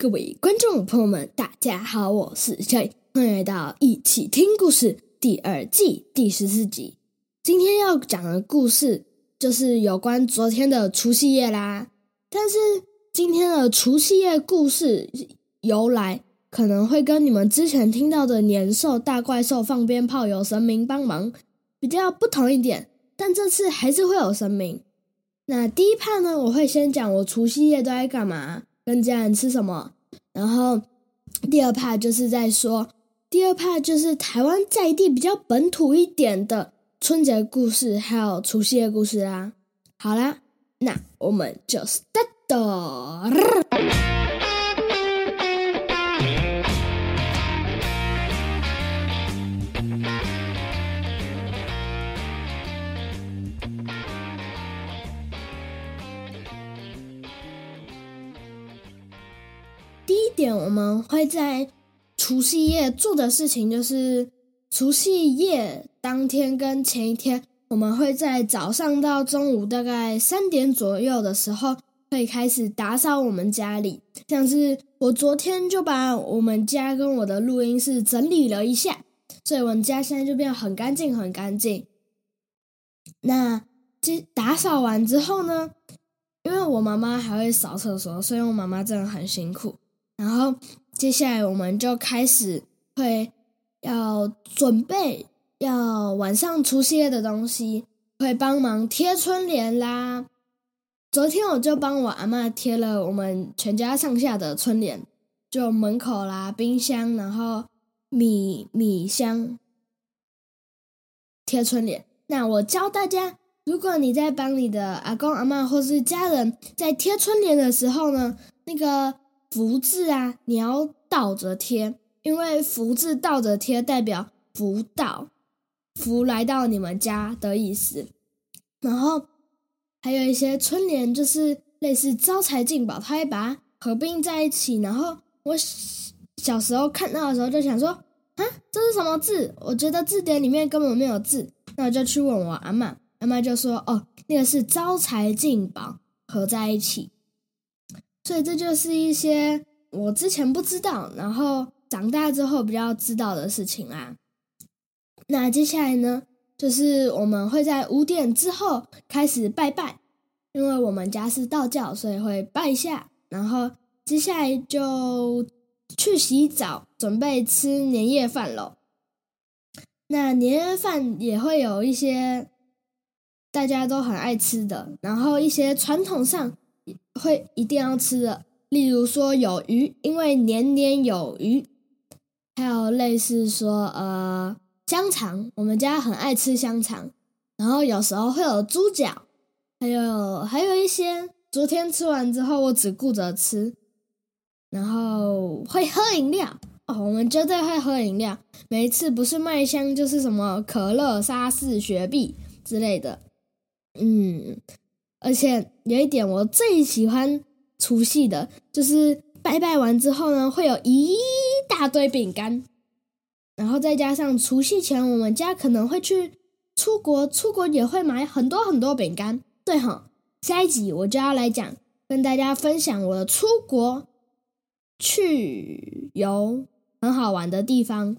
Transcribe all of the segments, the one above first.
各位觀眾朋友們，大家好，我是 e 穎，歡迎來到《一起聽故事》第二季第十四集。今天要講的故事就是有關昨天的除夕夜啦。但是今天的除夕夜故事由來可能會跟你們之前聽到的年獸、大怪獸放鞭炮、有神明幫忙比較不同一點，但這次還是會有神明。那第一 part 呢，我會先講我除夕夜都在幹嘛。跟家人吃什麼，然後第二 part 就是在說，第二 part 就是台灣在地比較本土一點的春節故事，還有除夕的故事啦、啊。好啦，那我們就 start 我們會在除夕夜做的事情，就是除夕夜當天跟前一天，我們會在早上到中午大概三點左右的時候，會開始打掃我們家裡。像是我昨天就把我們家跟我的錄音室整理了一下，所以我們家現在就變得很乾淨，很乾淨。那打掃完之後呢，因為我媽媽還會掃廁所，所以我媽媽真的很辛苦。然後接下來我們就開始會要準備要晚上除夕的東西，會幫忙貼春聯啦。昨天我就幫我阿嬤貼了我們全家上下的春聯，就門口啦、冰箱，然後米米箱貼春聯。那我教大家，如果你在幫你的阿公、阿嬤或是家人在貼春聯的時候呢，那個。福字啊，你要倒着貼，因為福字倒着貼代表福到，福來到你們家的意思。然後還有一些春聯，就是類似招財進寶，他會把它合併在一起。然後我小時候看到的時候，就想說，啊，這是什麼字？我覺得字典裡面根本沒有字。那我就去問我阿嬤，阿嬤就說，哦，那個是招財進寶合在一起。所以這就是一些我之前不知道，然後長大之後比較知道的事情啊。那接下來呢，就是我們會在五點之後開始拜拜，因為我們家是道教，所以會拜一下。然後接下來就去洗澡，準備吃年夜飯嘍。那年夜飯也會有一些大家都很愛吃的，然後一些傳統上。會一定要吃的，例如說有魚，因為年年有餘；還有類似說呃香腸，我們家很愛吃香腸。然後有時候會有豬腳，還有還有一些。昨天吃完之後，我只顧着吃，然後會喝飲料。哦，我們絕對會喝飲料，每一次不是麥香就是什麼可樂、沙士、雪碧之類的。嗯。而且有一點我最喜歡除夕的，就是拜拜完之後呢，會有一大堆餅乾，然後再加上除夕前我們家可能會去出國，出國也會買很多很多餅乾。對吼，下一集我就要來講，跟大家分享我出國去遊很好玩的地方。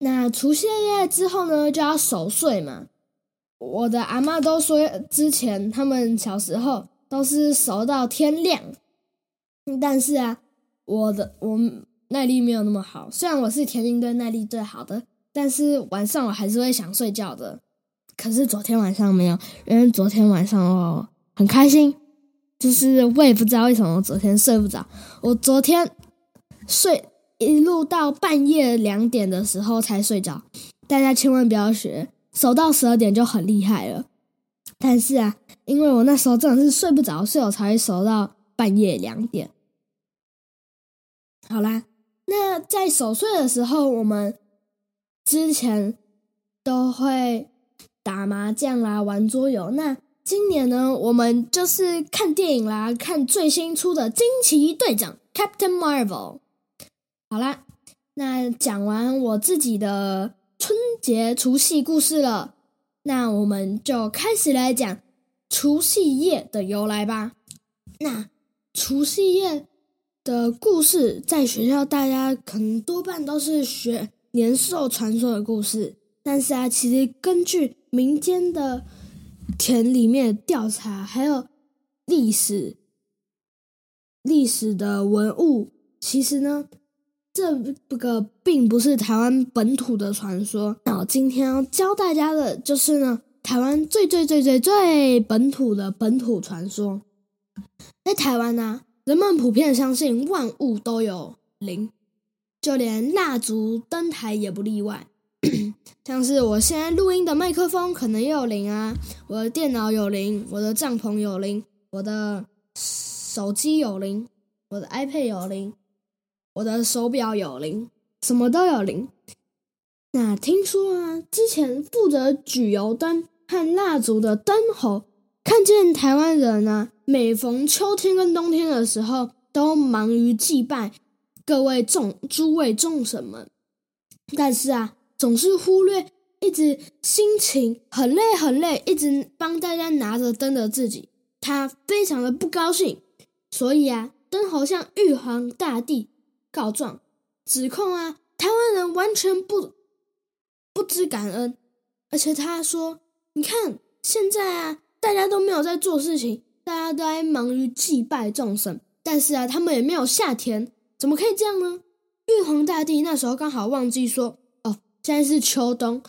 那除夕夜之後呢，就要守歲嘛。我的阿嬤都說，之前他們小時候都是守到天亮。但是啊，我的我耐力沒有那麼好。雖然我是田徑隊耐力最好的，但是晚上我還是會想睡覺的。可是昨天晚上沒有，因為昨天晚上哦，很開心。就是我也不知道為什麼我昨天睡不着。我昨天睡一路到半夜兩點的時候才睡着。大家千萬不要學。守到十二點就很厲害了，但是啊，因為我那時候真的是睡不着，所以我才會守到半夜兩點。好啦，那在守歲的時候，我們之前都會打麻將啦、玩桌遊。那今年呢，我們就是看電影啦，看最新出的《驚奇隊長》（Captain Marvel）。好啦，那講完我自己的。春節除夕故事了，那我們就開始來講除夕夜的由來吧。那除夕夜的故事，在學校大家可能多半都是學年獸傳說的故事，但是啊，其實根據民間的田裡面調查，還有歷史歷史的文物，其實呢。這個並不是台灣本土的傳說。那我今天要教大家的就是呢，台灣最最最最最本土的本土傳說。在台灣呢、啊，人們普遍相信萬物都有靈，就連蠟燭燈台也不例外。 像是我現在錄音的麥克風可能也有靈啊，我的電腦有靈，我的帳篷有靈，我的手機有靈，我的 iPad 有靈。我的手錶有靈，什麼都有靈。那聽說啊，之前負責舉油燈和蠟燭的燈猴，看見台灣人啊，每逢秋天跟冬天的時候，都忙於祭拜各位眾諸位眾神們，但是啊，總是忽略一直心情很累很累，一直幫大家拿着燈的自己，他非常的不高興。所以啊，燈猴向玉皇大帝。告狀，指控啊！台灣人完全不不知感恩，而且他說：“你看，現在啊，大家都沒有在做事情，大家都在忙於祭拜眾神，但是啊，他們也沒有下田，怎麼可以這樣呢？”玉皇大帝那時候剛好忘記說：“哦，現在是秋冬，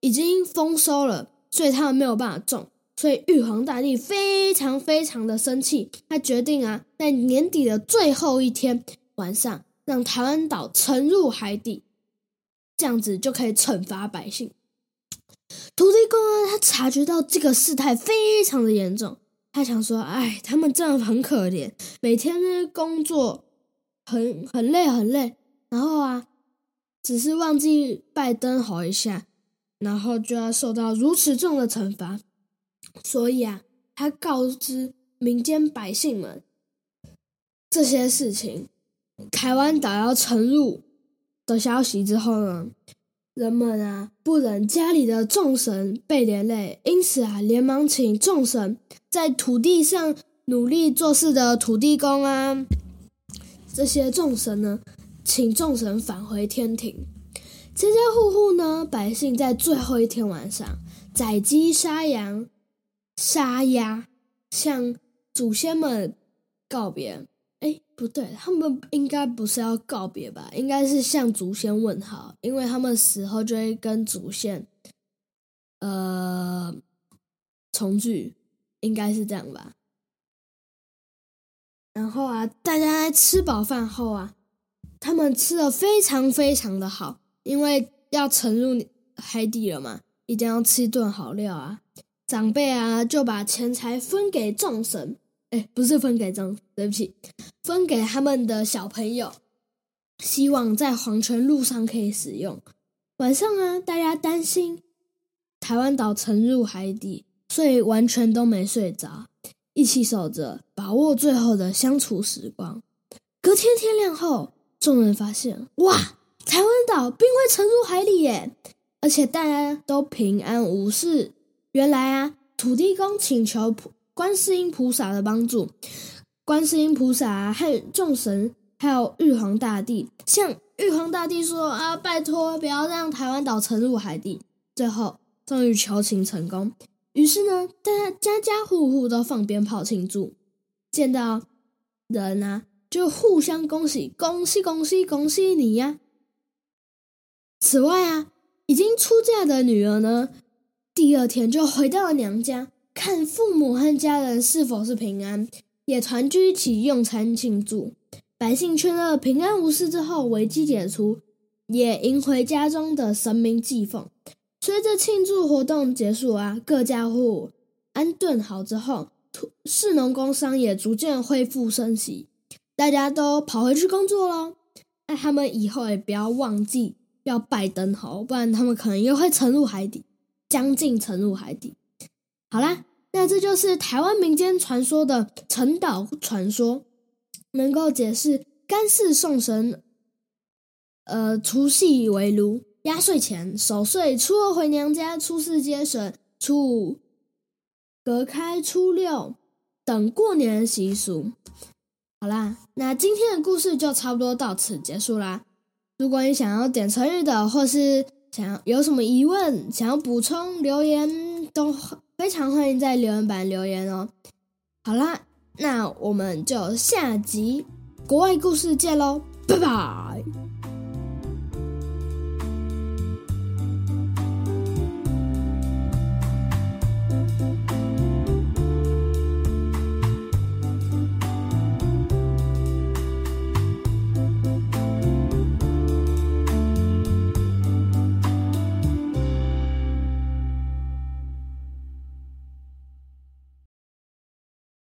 已經豐收了，所以他們沒有辦法種。”所以玉皇大帝非常非常的生氣，他決定啊，在年底的最後一天晚上。讓台灣島沉入海底，這樣子就可以懲罰百姓。土地公啊，他察覺到這個事態非常的嚴重，他想說：“哎，他們真的很可憐，每天工作很很累很累，然後啊，只是忘記拜登好一下，然後就要受到如此重的懲罰。所以啊，他告知民間百姓們這些事情。”台灣島要沉入的消息之後呢，人們啊不忍家裡的眾神被連累，因此啊連忙請眾神在土地上努力做事的土地公啊，這些眾神呢，請眾神返回天庭。家家戶戶呢，百姓在最後一天晚上宰雞殺羊殺鴨，向祖先們告別。哎，不對，他們應該不是要告別吧？應該是向祖先問好，因為他們死後就會跟祖先呃重聚，應該是這樣吧。然後啊，大家吃飽飯後啊，他們吃得非常非常的好，因為要沉入海底了嘛，一定要吃一頓好料啊。長輩啊就把錢財分給眾神。誒不是分給張，對不起，分給他們的小朋友，希望在黃泉路上可以使用。晚上啊，大家擔心台灣島沉入海底，所以完全都沒睡着，一起守着，把握最後的相處時光。隔天天亮後，眾人發現，哇，台灣島並未沉入海底耶，而且大家都平安無事。原來啊，土地公請求普。觀世音菩薩的幫助，觀世音菩薩還、啊、有眾神，還有玉皇大帝，向玉皇大帝說：“啊，拜託，不要讓台灣島沉入海底。”最後終於求情成功。於是呢，大家家家戶戶都放鞭炮慶祝，見到人啊，就互相恭喜，恭喜恭喜恭喜你呀、啊！此外啊，已經出嫁的女兒呢，第二天就回到了娘家。看父母和家人是否是平安，也團聚一起用餐慶祝。百姓確認平安無事之後，危機解除，也迎回家中的神明祭奉。隨着慶祝活動結束啊，各家戶安頓好之後，士農工商也逐漸恢復生息，大家都跑回去工作嘍。那他們以後也不要忘記要拜燈猴，不然他們可能又會沉入海底，將近沉入海底。好啦，那這就是台灣民間傳說的城島傳說，能夠解釋廿四送神，呃，除夕圍爐壓歲錢守歲，初二回娘家，初四接神，初五隔開，初六等過年習俗。好啦，那今天的故事就差不多到此結束啦。如果你想要點成語的，或是想要有什麼疑問，想要補充留言都。非常歡迎在留言板留言哦！好啦，那我們就下集國外故事見嘍，拜拜。